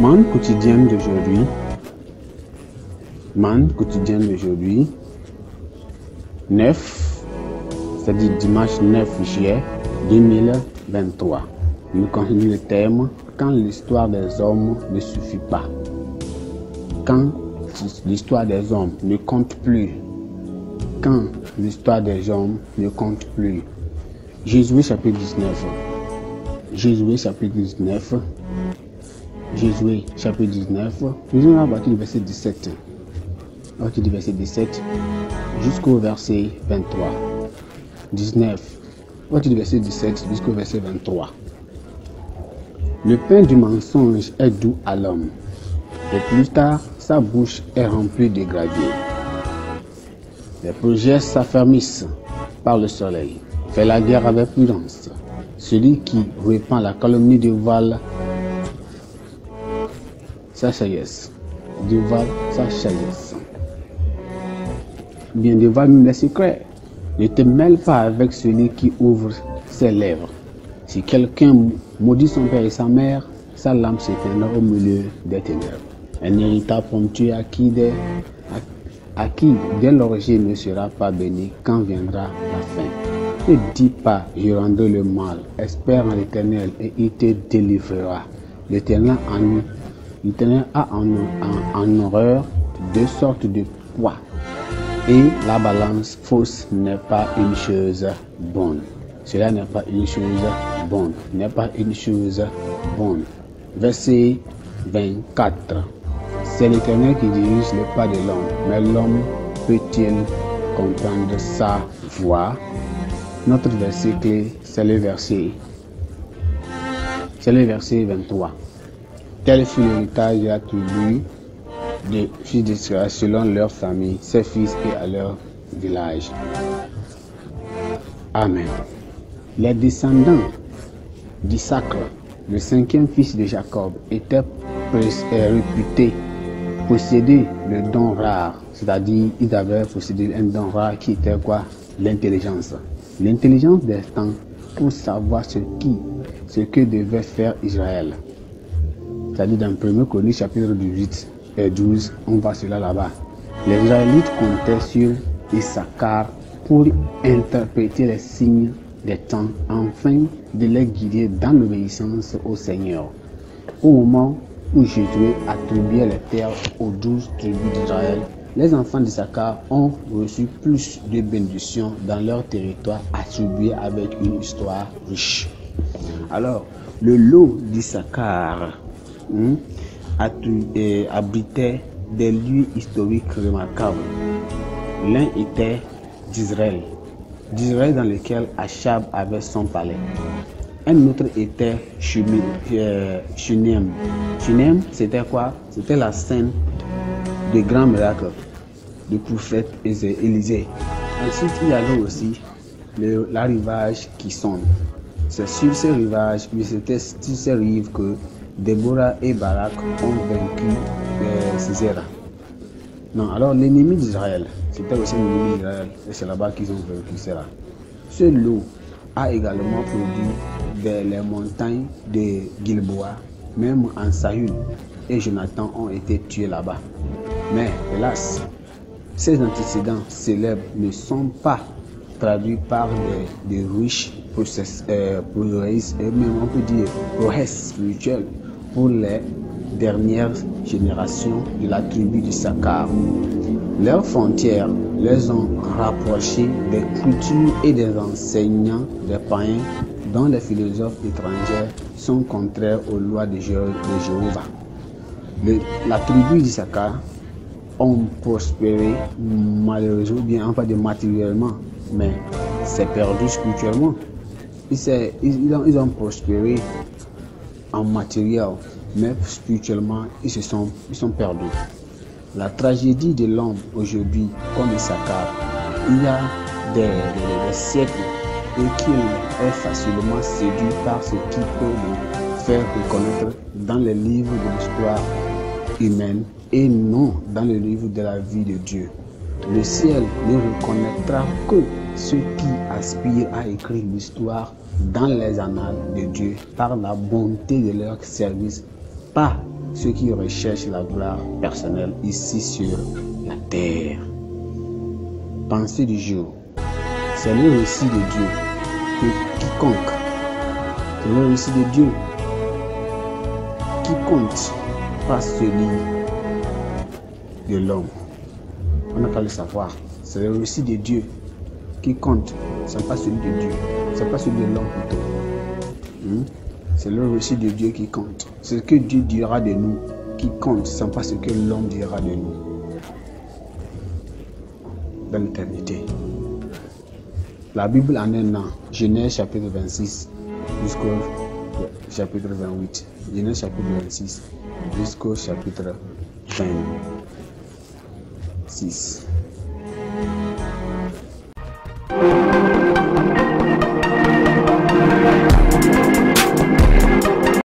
Man quotidienne d'aujourd'hui. Man quotidienne d'aujourd'hui. 9, c'est-à-dire dimanche 9 juillet 2023. Nous continuons le thème Quand l'histoire des hommes ne suffit pas. Quand l'histoire des hommes ne compte plus. Quand l'histoire des hommes ne compte plus. Jésus chapitre 19. Jésus chapitre 19. Josué chapitre 19. Nous allons voir le verset 17. 17 jusqu'au verset 23. 19. verset 17 jusqu'au verset 23. Le pain du mensonge est doux à l'homme, et plus tard sa bouche est remplie de gravier. Les projets s'affermissent par le soleil. fait la guerre avec prudence. Celui qui répand la calomnie dévoile sa sagesse. Dieu sa Bien devant même les secrets. Ne te mêle pas avec celui qui ouvre ses lèvres. Si quelqu'un maudit son père et sa mère, sa lame s'éteindra au milieu des ténèbres. Un héritage ponctué à, qui dès l'origine ne sera pas béni quand viendra la fin. Ne dis pas, je rendrai le mal, espère en l'éternel et il te délivrera. L'éternel en L'Éternel a en, en, horreur deux sortes de poids. Et la balance fausse n'est pas une chose bonne. Cela n'est pas une chose bonne. N'est pas une chose bonne. Verset 24. C'est l'Éternel qui dirige le pas de l'homme. Mais l'homme peut-il comprendre sa voix Notre verset clé, c'est le verset. C'est le verset 23. Tel fut l'héritage attribué des fils d'Israël selon leur famille, ses fils et à leur village. Amen. Les descendants du Sacre, le cinquième fils de Jacob, étaient euh, réputés posséder le don rare, c'est-à-dire ils avaient possédé un don rare qui était quoi L'intelligence. L'intelligence des temps pour savoir ce qui, ce que devait faire Israël c'est-à-dire dans 1 Chronique chapitre 18 et 12, on va cela là-bas. Les Israélites comptaient sur Issachar pour interpréter les signes des temps afin de les guider dans l'obéissance au Seigneur. Au moment où Jésus attribuait les terres aux douze tribus d'Israël, les enfants d'Issachar ont reçu plus de bénédictions dans leur territoire attribué avec une histoire riche. Alors, le lot d'Issachar hein, abritait des lieux historiques remarquables. L'un était d'Israël, d'Israël dans lequel Achab avait son palais. Un autre était euh, Shunem. Shunem, c'était quoi C'était la scène des grands miracles du prophète Élisée. Ensuite, il y avait aussi rivage qui sonne. C'est sur ces rivages, mais c'était sur ces rives que Déborah et Barak ont vaincu euh, Non, alors l'ennemi d'Israël, c'était aussi l'ennemi d'Israël, et c'est là-bas qu'ils ont vaincu Sisera. Ce loup a également produit les montagnes de Gilboa, même en Saül, et Jonathan ont été tués là-bas. Mais hélas, ces antécédents célèbres ne sont pas traduits par des, riches process, euh, et même on peut dire progrès spirituels pour les dernières générations de la tribu de Sakar. Leurs frontières les ont rapprochés des cultures et des enseignants des païens dont les philosophes étrangers sont contraires aux lois de, Jéhovah. la tribu Sakar ont prospéré malheureusement, bien en fait de matériellement, mais c'est perdu spirituellement. ils ont prospéré en matériel, mais spirituellement, ils, se sont, ils sont perdus. La tragédie de l'homme aujourd'hui, comme Issachar, il y a des, des, siècles et qui est facilement séduit par ce qui peut le faire reconnaître dans les livres de l'histoire humaine et non dans les livres de la vie de Dieu. Le ciel ne reconnaîtra que ceux qui aspirent à écrire l'histoire dans les annales de Dieu par la bonté de leur service, pas ceux qui recherchent la gloire personnelle ici sur la terre. Pensée du jour. C'est le récit de Dieu que quiconque, le récit de Dieu qui compte pas celui de l'homme. On n'a qu'à le savoir. C'est le récit de Dieu qui compte, ce n'est pas celui de Dieu n'est pas celui de l'homme plutôt. Hmm? C'est le récit de Dieu qui compte. C'est ce que Dieu dira de nous qui compte, ce n'est pas ce que l'homme dira de nous dans l'éternité. La Bible en est an, Genèse chapitre 26 jusqu'au chapitre 28. Genèse chapitre 26 jusqu'au chapitre 26.